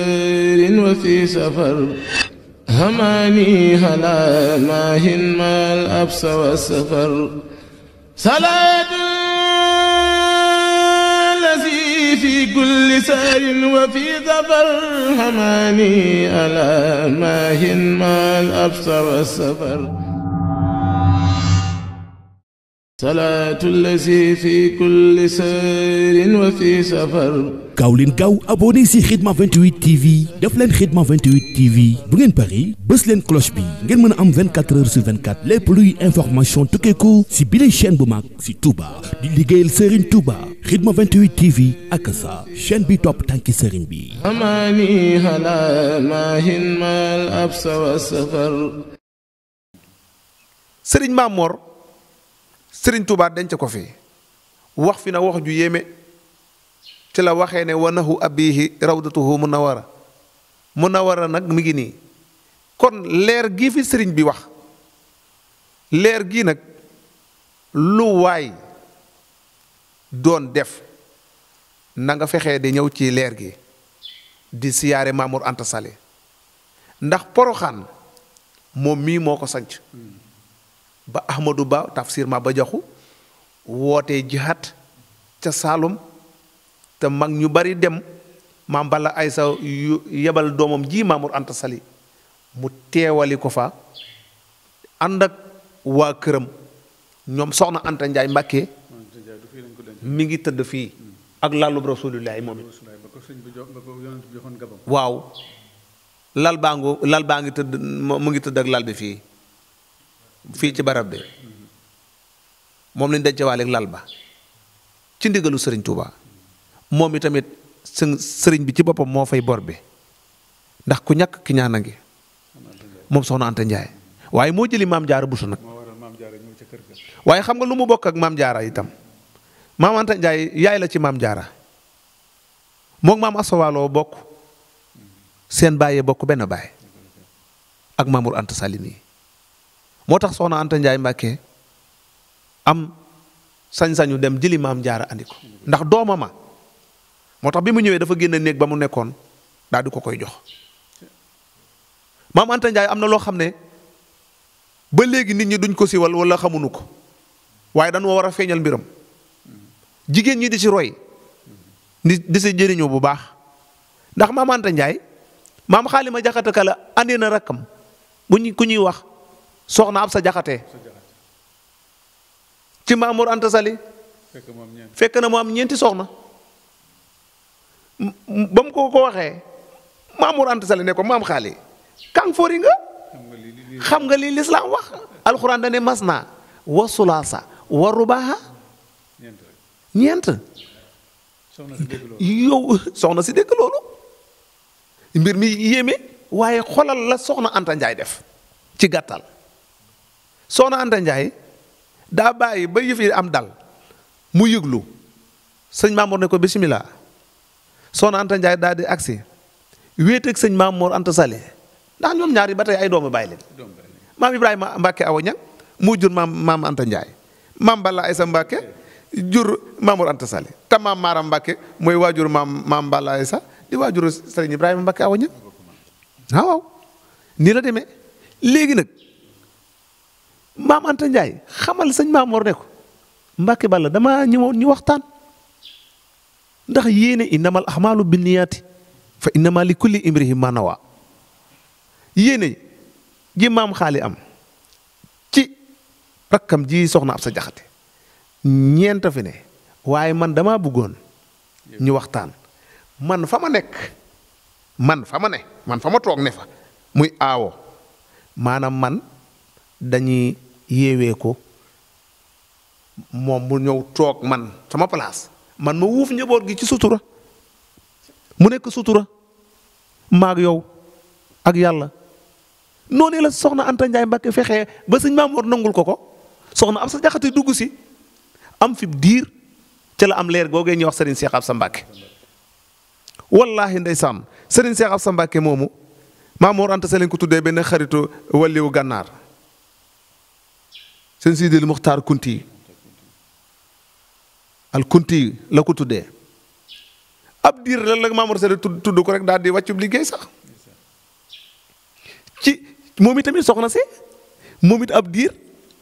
وفي سفر هماني هلا ماهن ما الأبس والسفر صلاة الذي في كل سار وفي سفر هماني ألا ماهن ما الأبس والسفر صلاة الذي في كل سار وفي سفر gaaw leen gaaw abonné si TV def leen Khidma TV bu ngeen pari bës leen cloche bi ngeen mën a am 24 heures sur 24 lépp luy information tukkeeku si bile chaîne bu mag si Touba di liggéeyal Serigne Touba Khidma 28 TV ak sa chaîne bi topp tànki Serigne bi. Serigne Mamor Serigne Touba denc ko fi wax fi na wax ci la waxee ne abi mën wanahu abihi rawdatuhu munawara munawara nag mu ngi nii kon leer gi fi sëriñ bi wax leer gi nag lu waay doon def na nga fexee di ñëw ci leer gi di siyaare Mamour Anta sale ndax poroxaan moom mii moo ko sanc ba Ahmadou Ba tafsir ma ba joxu wootee jihaat ca Saalum te mag ñu bari dem maam ay sa yu yebal doomam jii Maamur Anta Sali mu teewali ko fa ànd ak waa këram ñoom soxna Anta Njaay Mbàkke ngi tëdd fii ak lalub rasulillahi moom it waaw lal baa ngu lal baa ngi tëdd mu ngi tëdd ak lal bi fii fii ci barab bi moom lañ dencewaale ak lal ba ci ndigalu Sëriñ Tuubaa moom itamit sën sëriñ bi ci boppam moo fay bor bi ndax ku ñàkk ki ñaana a ngi moom soxna Anta Ndiaye waaye moo jëli maam jaara busu nag waaye xam nga lu mu bokk ak maam jaara itam maam Anta yaay la ci maam jaara moog maam asowaaloo bokk seen bàyyee bokk benn baay ak Mamour Anta Sali nii moo tax soxna Anta Ndiaye Mbàkke am sañ-sañu dem jëli maam jaara andi ndax doomama moo tax bi mu ñëwee dafa génn néeg ba mu nekkoon daal di ko koy jox maam Anta Ndiaye am na loo xam ne ba léegi nit ñi duñ ko siwal wala xamuñu ko waaye dañoo war a feeñal mbiram jigéen ñi di si roy di di si jëriñoo bu baax ndax maam Anta Ndiaye maam xaalima jaxate kala andee na rakkam bu ñu ku ñuy wax soxna ab sa jaxatee ci Maamor Anta Sali fekk na mu am ñeenti soxna. ba mu ko ko waxee Mamour Anta ne ko maam xaali kàng fóori nga xam nga lii lislaam wax alxuraan dane mas naa wa sulaasa wa rubaaha ñeent yow soxna si dégg loolu mbir mi yéeme waaye xolal la soxna Anta Njaay def ci gàttal soxna Anta Njaay daa bàyyi ba yëf yi am dal mu yëglu sëñ Mamour ne ko bisimilah. soxna Anta Ndiaye daal di agsi wéet sëñ maam Mor Anta Sali ndax ñoom ñaar yi ba tey ay doomu bàyyi leen maam Ibrahima Mbacke Awa Niang moo jur maam maam Anta Ndiaye maam Balla Aysa jur maam Mor Anta Sali te maam Maaram Mbacke mooy waajur maam maam Balla Aysa di waajur sëriñ Ibrahima Mbacke Awa Niang ah nii la demee léegi nag maam Anta Ndiaye xamal sëñ maam Mor ne ko Balla damaa ñëwoon waxtaan. ndax yéene innamal ahmaalu binniyaati fa innama li kulli imrihi ma nawa yéene ji maam xaali am ci rakkam ji soxna ab sa jaxate ñeent fi ne waaye man dama bëggoon ñu waxtaan man fa ma nekk man fa ma ne man fa ma toog ne fa muy aawo maanaam man dañuy yéewee ko moom mu ñëw toog man sama place man ma wuuf njaboot gi ci sutura mu nekk sutura maag yow ak yàlla noonu la soxna Anta Ndiaye Mbacke fexe ba sëñ Maamoor nangul ko ko soxna am sa jaxati dugg si am fi diir ca la am leer googee ñuy wax Serigne Cheikh Absa Mbacke wallaahi ndeysaan Serigne Cheikh sa Mbacke moomu Maamoor Anta sa leen ko tuddee benn xaritu wàlliwu gànnaar sëñ Sidil Muxtaar Kunti alkunti la ko tuddee ab diir lan la Mamour Sall tudd tudd ko rek daal di wàccu liggéey sax ci moom itamit soxna si moom it ab diir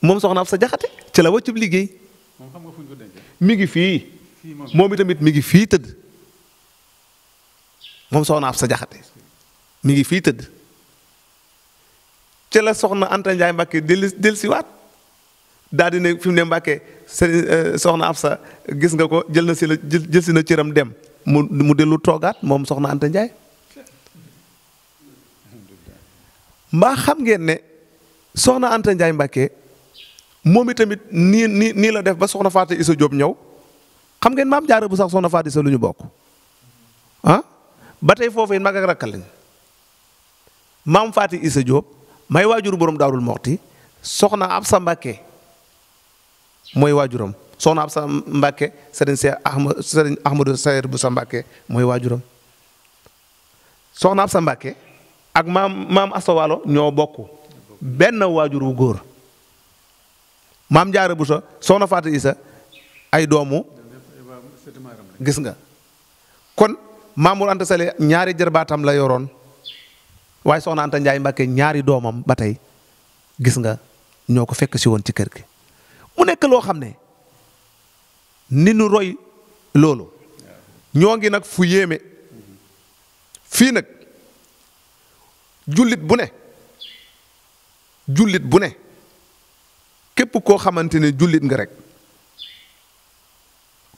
moom soxna ab sa jaxate ci la wàccu liggéey. xam nga mi ngi fii. moom itamit mi ngi fii tëdd moom soxna ab sa mi ngi fii tëdd ci la soxna Anta Ndiaye Mbacke dellu dellusiwaat. daal di ne fi mu ne Mbàkke sëriñ euh, soxna Absa gis nga ko jël na si la jël na cëram dem mu mu dellu toogaat moom soxna Anta Ndiaye mbaa xam ngeen ne soxna Anta Ndiaye Mbàkke moom itamit nii nii nii la def ba soxna Fatou Issa Diop ñëw xam ngeen maam jaara bu sax soxna Fatou Issa lu ñu bokk ah ba tey foofu it mag ak rakkal lañ maam Fatou Issa Diop may waajur borom daarul moxti soxna Absa Mbàkke mooy waajuram soxna ab sa Mbàkke sëriñ Seex Ahma sëriñ Ahmadu bu sa Mbàkke mooy waajuram soxna ab sa Mbàkke ak maam maam astawaalo ñoo bokk benn waajur wu góor maam jaara bu sa soxna Faati Isa ay doomu gis nga kon Maamur Anta Sali ñaari jarbaatam la yoroon waaye soxna Anta Njaay Mbàkke ñaari doomam ba tey gis nga ñoo ko fekk si woon ci kër gi mu nekk loo xam ne ni nu roy loolu ñoo ngi nag fu yéeme fii nag jullit bu ne jullit bu ne képp koo xamante ne jullit nga rek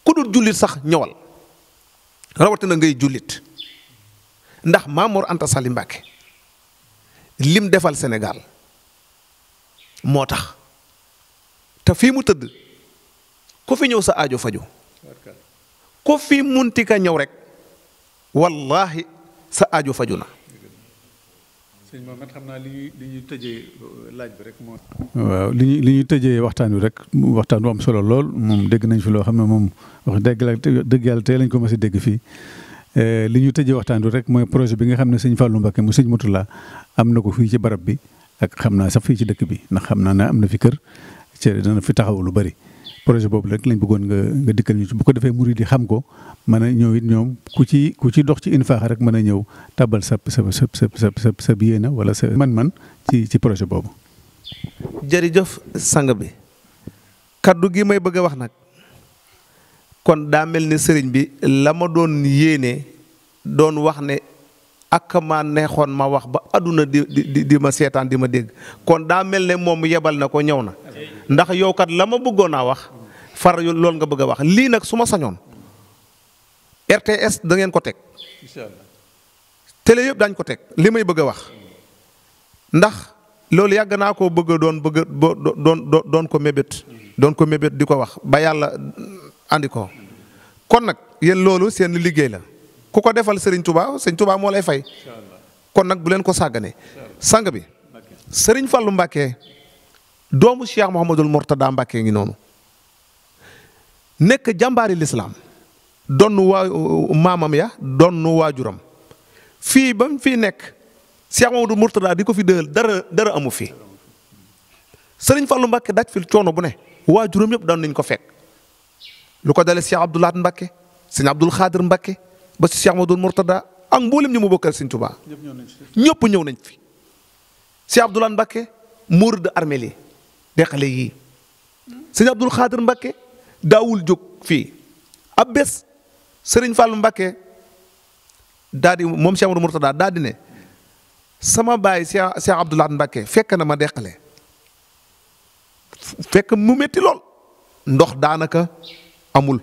ku dul jullit sax ñëwal rawatina ngay jullit ndax Maamoor Anta Sali Mbàkke lim defal senegaal moo tax te fii mu tëdd ku fi ñëw sa aajo faju ku fi munti ka ñëw rek wallaahi sa ajo faju na. sëñ Mohamed xam naa li ñuy li ñuy tëjee euh, laaj bi rek moo. waaw li ñuy li ñuy tëjee waxtaan wi rek waxtaan bu am solo lool moom dégg nañ fi loo xam ne moom wax dëgg la dëgg yàlla tey lañ ko mës a dégg fii. Euh, li ñuy tëjee waxtaan wi rek mooy projet bi nga xam ne sëñ Fallou Mbacké mu sëñ Moutalla am na ko fii ci barab bi ak xam naa sax fii ci dëkk bi ndax xam naa ne am na fi kër. ci dana fi taxaw lu bari projet boobu rek lañ bëggoon nga nga dikkal ñu ci bu ko defee murid yi xam ko mën a ñëw it ñoom ku ci ku ci dox ci infaax rek mën a ñëw tabal sa sa sa sa sa sa yéene wala sa man-man ci ci projet boobu. jërëjëf sang bi kaddu gi may bëgg a wax nag kon daa mel ni sëriñ bi la ma doon yéene doon wax ne. ak maa neexoon ma wax ba àdduna di di di ma seetaan di ma dégg kon daa mel ne moom yebal na ko ñëw na ndax yow kat la ma bëggoon a wax far lool nga bëgg a wax lii nag su ma sañoon RTS dangeen ko teg. télé yëpp dañ ko teg li may bëgg a wax ndax loolu yàgg naa ko bëgg doon bëgg doon doon ko mébét. doon ko di ko wax ba yàlla andi ko kon nag yéen loolu seen liggéey la. ku ko defal sëriñ Touba Serigne Touba moo lay fay. kon nag bu leen ko sàggane sang bi sëriñ fallu Mbacké doomu Cheikh Mouhamadul Mourtada Mbacké ngi noonu nekk jàmbaari lislaam donn waa maamam ya donn waajuram fii ba mu fii nekk Cheikh Mouhamadul Mourtada di ko fi dëgal dara dara amu fi Serigne fallu Mbacké daj fil coono bu ne waajuram yëpp doon nañ ko fekk lu ko dalee Cheikh Abdoulaat Mbacké Serigne Abdoul Khadir Mbacké ba si Cheikh Amadou Mourtada ak mboolem ñu mu bokkal Sëñ Tuubaa ñëpp ñëw nañ fi si Abdoulaye Mbakke muur de armée li deqale yii sëñ Abdul Xaadir Mbakke daawul jóg fii ab bés sëriñ Fàllu Mbakke daa di moom Cheikh Amadou Mourtada daa di ne sama baay Cheikh Cheikh Abdoulaye Mbakke fekk na ma deqale fekk mu metti lool ndox daanaka amul.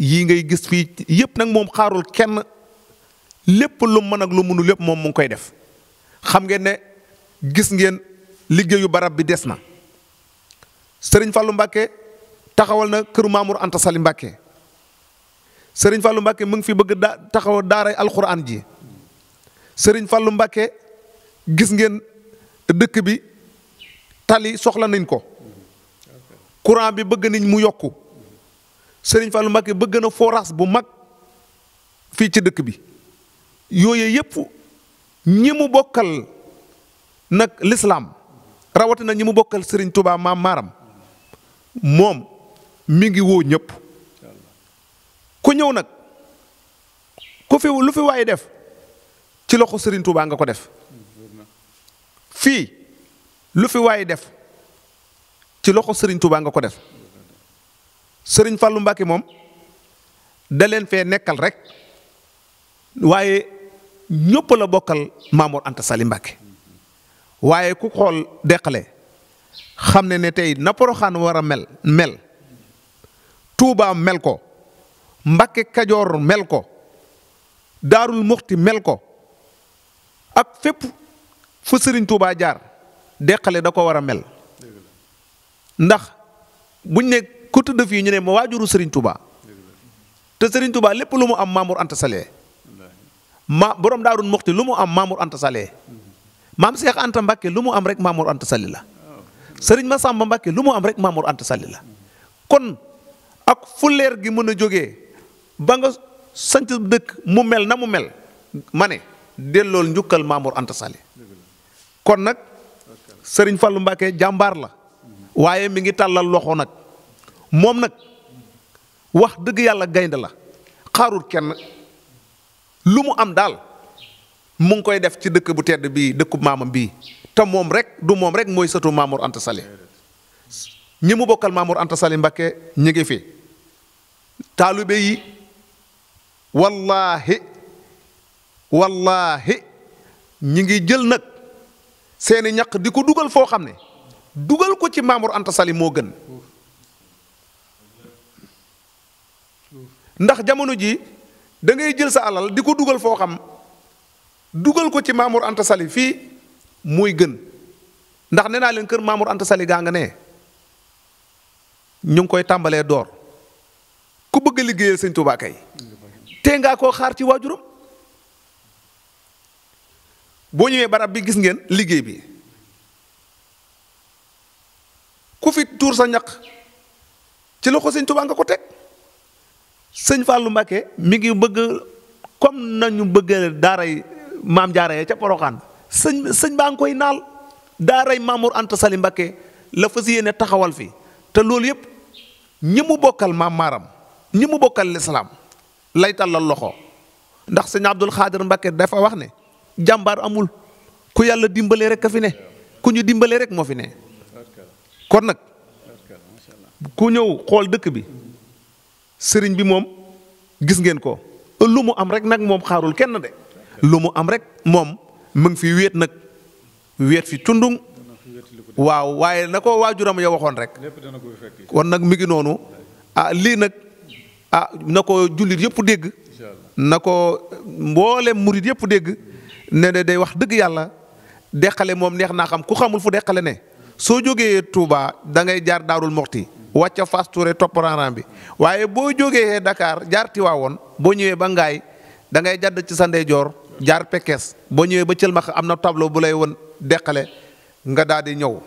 yii ngay gis fii yëpp nag moom xaarul kenn lépp lu mën ak lu mënul lépp moom mu ngi koy def xam ngeen ne gis ngeen liggéeyu barab bi des na sëriñ Fallou Mbacke taxawal na këru Mamour Anta Sali Mbacke sëriñ Fallou Mbacke mu ngi fi bëgg da taxawal daaray alxuraan ji sëriñ Fallou Mbacke gis ngeen dëkk bi tali soxla nañ ko courant bi bëgg nañ mu yokku Serigne Fallou ba gën a forage bu mag fii ci dëkk bi yooyu yëpp ñi mu bokkal nag lislaam rawatina ñi mu bokkal Serigne Touba maam maaram moom mi ngi woo ñépp ku ñëw nag ku fi lu fi waay def ci loxo Serigne Touba nga ko def fii lu fi def ci loxo Serigne Touba nga ko def. sëriñ Fallou mbakki moom da leen fee nekkal rek waaye ñëpp la bokkal Mamour Anta Sali Mbacke waaye ku xool deqale xam ne ne tey na Poroxaan war a mel mel Touba mel ko Mbacke Kajoor mel ko Daarul Muxti mel ko ak fépp fu sëriñ Touba jaar deqale da ko war a mel ndax buñ ne ku tëdd fii ñu ne ma waajuru Serigne Touba te sëriñ tubaa lépp lu mu am Mamour Anta sale ma borom Daaru Muxti lu mu am Mamour Anta Sallé maam Cheikh Anta Mbacke lu mu am rek Mamour Anta Sallé la Serigne Massamba Mbacke lu mu am rek Mamour Anta Sallé la kon ak fuleer gi mën a jógee ba nga sanc dëkk mu mel na mu mel ma ne dellool njukkal Mamour Anta Sallé kon nag sëriñ fallu Mbacke jàmbaar la waaye mi ngi tàllal loxo nag. moom nag wax dëgg yàlla gaynde la xaarul kenn lu mu am daal mu ngi koy def ci dëkk bu tedd bii dëkku maamam bii te moom rek du moom rek mooy sëtu Mamour Anta Sali ñi mu bokkal Mamour Anta Sali Mbakke ñu ngi fi taalibe yi wallaahi wallaahi ñi ngi jël nag seeni ñaq di ko dugal foo xam ne dugal ko ci Mamour Anta moo gën. ndax jamono ji da ngay jël sa alal di ko dugal foo xam dugal ko ci Mamour Anta Sali fii muy gën ndax nee naa leen kër Mamour Anta Sali gaa nga ne ñu ngi koy tàmbalee door ku bëgg a liggéeyal sëñ Tuubaa kay tee ngaa koo xaar ci waajuram boo ñëwee barab bi gis ngeen liggéey bi ku fi tuur sa ñaq ci loxo sëñ Tuubaa nga ko teg. sëñ Fallou Mbacké mi ngi bëgg comme nañu bëgg daaray maam jaara ca Poroxaan sëñ sëñ baa ngi koy naal daaray Mamour Anta Sali Mbacké la fas yéene taxawal fii te loolu yëpp ñi mu bokkal maam maaram ñi mu bokkal lislaam lay tàllal loxo ndax sëñ Abdul Xaadir Mbacké dafa wax ne jàmbaar amul ku yàlla dimbalee rek a fi ne ku ñu dimbalee rek moo fi ne kon nag ku ñëw xool dëkk bi sëriñ bi moom gis ngeen ko lu mu am rek nag moom xaarul kenn de lu mu am rek moom mu ngi fi wéet nag wéet fi tundung waaw waaye na ko waajuram ya waxoon rek kon nag mi ngi noonu ah lii nag ah na ko jullit yépp dégg na ko mboolem murit yëpp dégg ne ne day wax dëgg yàlla deqale moom neex naa xam ku xamul fu deqale ne soo jógee tuubaa dangay ngay jaar daarul moxti wàcca Fass Touré topp ranran bi waaye boo jógee dakaar jaar Tiwaawoon boo ñëwee ba Ngaay da ngay jadd ci sa ndeyjoor jaar Pekes boo ñëwee ba Cëlmax am na tableau bu lay won deqale nga daal di ñëw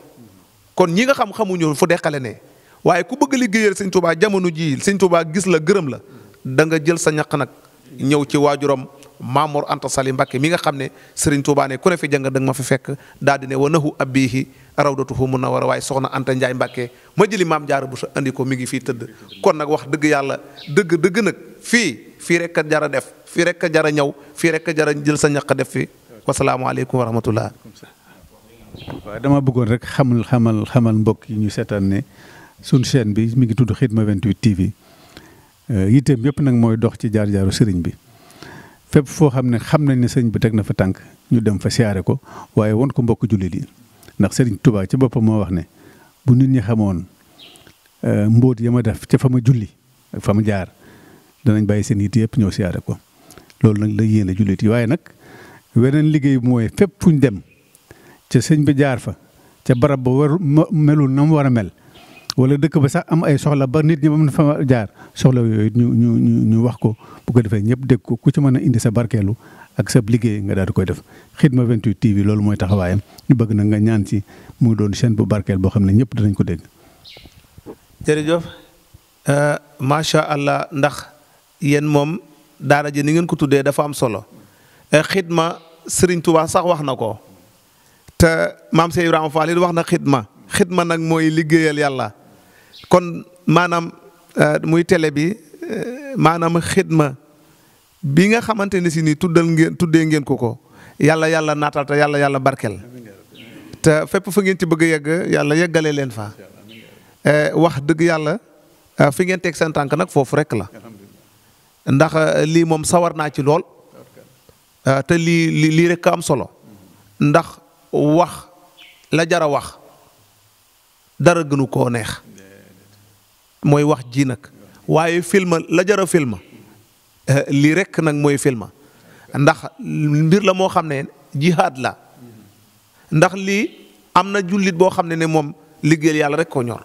kon ñi nga xam xamuñu fu deqale ne waaye ku bëgg liggéeyal Sëñ Tuubaa jamono jii Sëñ Tuubaa gis la gërëm la da nga jël sa ñaq nag ñëw ci waajuram Maamoor Anta Sali Mbàkke mi nga xam ne sëriñ Tuubaa ne ku ne fi jàng da ma fi fekk daal di ne wa mun abihi war a waaye soxna Anta Njaay Mbàkke ma jëli maam jaara bu sa indikoo mi ngi fii tëdd kon nag wax dëgg yàlla dëgg dëgg nag fii fii rek a jara def fii rek a jara ñëw fii rek a jara jël sa ñaq def fi wasalaamaaleykum wa rahmatullah waaw dama bëggoon rek xamul xamal xamal mbokk yi ñu seetaan ne suñ seen bi mi ngi tudd Khidma 28 TV euh, yitteem yëpp nag mooy dox ci jaar jaaru sëriñ bi fépp foo xam ne xam nañ ne sëñ bi teg na fa tànk ñu dem fa siyaare ko waaye wan ko mbokk jullit yi ndax sëriñ Touba ci boppam moo wax ne bu nit ñi xamoon euh, mbóot ya ma def ci fa ma julli ak fa ma jaar danañ bàyyi seen yitt yëpp ñëw siyaare ko loolu nag la yéene jullit yi waaye nag weneen liggéey mooy fépp fu ñu dem ca sëñ bi jaar fa ca barab ba war melul na mu war a mel wala dëkk ba sax am ay soxla ba nit ñi ba mën fa jaar soxla yooyu ñu ñu ñu ñu wax ko bu ko defee ñëpp dégg ko ku ci mën a indi sa barkeelu ak sa liggéey nga daal di koy def Khidma 28 TV loolu mooy taxawaayam ñu bëgg na nga ñaan ci mu doon seen bu barkeel boo xam ne ñëpp danañ ko dégg. jërëjëf euh, macha allah ndax yéen moom daara ji ni ngeen ko tuddee dafa am solo Khidma euh, Serigne Touba sax wax na ko te maam Cheikh Ibrahima Fall wax na Khidma Khidma nag mooy liggéeyal yàlla. kon maanaam euh, muy tele bi euh, maanaam xidma bi nga xamante ne si ni tuddal ngeen tuddee ngeen ko ko yàlla yàlla naatal te yàlla yàlla barkeel te fépp fa ngeen ci bëgg yegg yàlla yeggale leen faa euh, wax dëgg yàlla fi ngeen teg seen tànk nag foofu rek la ndax lii moom sawar naa ci lool te lii lii rek am solo ndax wax la jara wax dara gënu koo neex mooy wax jii nag waaye film la jar a film eh, lii rek nag mooy film ndax mbir la moo xam ne jihaad la ndax lii am na jullit boo xam ne ne moom liggéeyal yàlla rek ko ñor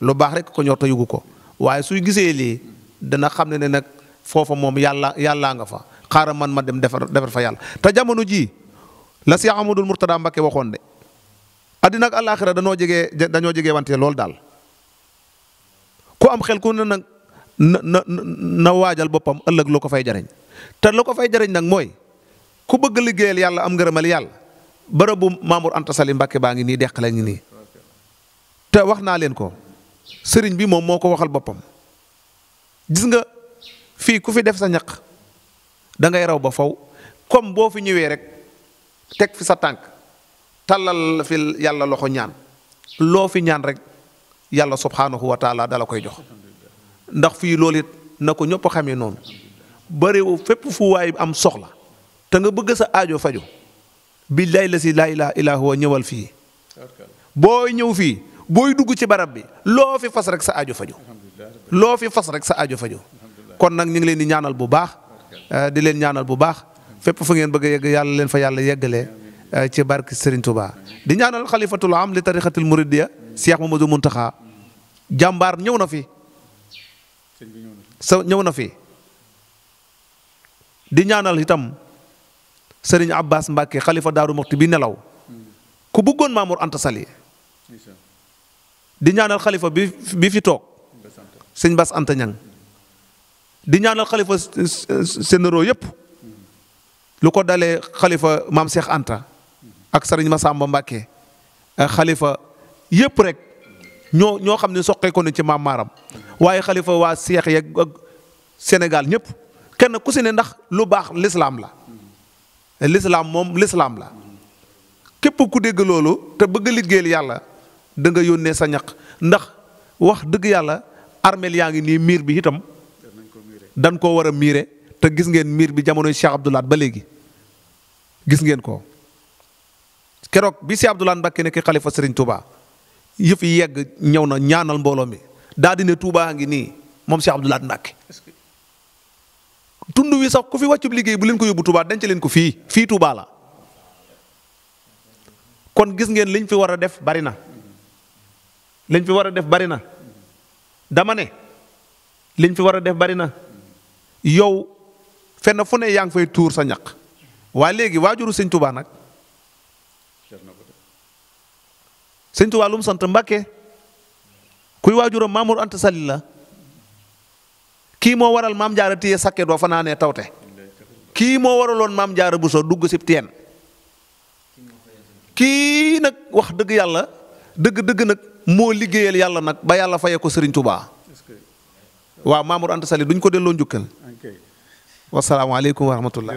lu baax rek ko ñor te yugu ko waaye suy gisee lii dana xam ne ne nag foofa moom yàlla yàllaa nga fa xaaral man ma dem defar defar fa yàlla te jamono jii la Seex Amadul Murtadaa Mbakke waxoon de addina ak alaaxira dañoo jege dañoo jege wante loolu daal. ku am xel ku ne nag na na waajal boppam ëllëg lu ko fay jariñ te lu ko fay jariñ nag mooy ku bëgg liggéeyal yàlla am ngërëmal yàlla barabu Mamour Anta Sali Mbàkke baa ngi nii deq la ngi nii te wax naa leen ko sëriñ bi moom moo ko waxal boppam gis nga fii ku fi def sa ñaq dangay raw ba faw comme boo fi ñëwee rek teg fi sa tànk tàllal fi yàlla loxo ñaan loo fi ñaan rek. yàlla subhaanahu wa taala dala koy jox ndax fii lool it na ko ñëpp xamee noonu barewu fépp fu waay am soxla te nga bëgg sa ajo faju billaay la si laa ilaaha illaa ñëwal fii booy ñëw fii booy dugg ci barab bi loo fi fas rek sa ajo faju loo fi fas rek sa ajo fajo kon nag ñu ngi leen di ñaanal bu baax eh, di leen ñaanal bu baax fépp fu ngeen bëgg yegg yàlla leen fa yàlla yeggalee eh, ci barke Serigne Touba di ñaanal xalifatul am li tarixatil muridiya ma Cheikh Mamadou taxa jàmbaar ñëw na fi sa ñëw na fi di ñaanal itam sëriñ Abbas Mbacke xalifa Daaru Muxti bi nelaw hmm. ku bëggoon Mamour Anta Sali di ñaanal xalifa bi fi toog sëñ Bass Anta Ñang di ñaanal xalifa sénéro yépp hmm. lu ko dale xalifa maam Cheikh Anta hmm. ak sëriñ Massamba Mbacke xalifa yépp rek ñoo ñoo xam ne soqeeku nañ ci maam maaram waaye xalifa waa seex yeeg ak Sénégal ñëpp kenn ku si ne ndax lu baax lislaam la lislaam moom lislaam la képp ku dégg loolu te bëgg a liggéeyal yàlla danga yónnee sa ñax ndax wax dëgg yàlla armeel yaa ngi nii miir bi itam dañ koo war a miire te gis ngeen miir bi jamonoy Cheikh Abdou ba léegi gis ngeen ko keroog bi Cheikh Abdou Lahad Mbacké nekk xalifa Serigne Touba yëf yi yegg ñëw na ñaanal mbooloo mi daal di ne Touba ngi nii moom Cheikh Abdoul Ahad Mbacké tund wi sax ku fi wàccub liggéey bu leen ko yóbbu Touba denc leen ko fii fii Touba la kon gis ngeen liñ fi war a def bari na liñ fi war a def bari na dama ne liñ fi war a def bari na yow fenn fu ne yaa ngi fay tuur sa ñaq waaye léegi waajuru sëñ Touba nag sëñ Tuubaa sant Mbàkke kuy waajuram Maamor Anta Sali la kii moo waral maam jaara téye sakke doo fanaanee tawte kii moo waraloon maam jaara Buso dugg sib teen kii nag wax dëgg yàlla dëgg dëgg nag moo liggéeyal yàlla nag ba yàlla faye ko sëriñ Tuubaa waaw Maamor Anta Sali duñ ko delloo njukkal wasalaamaaleykum wa rahmatullah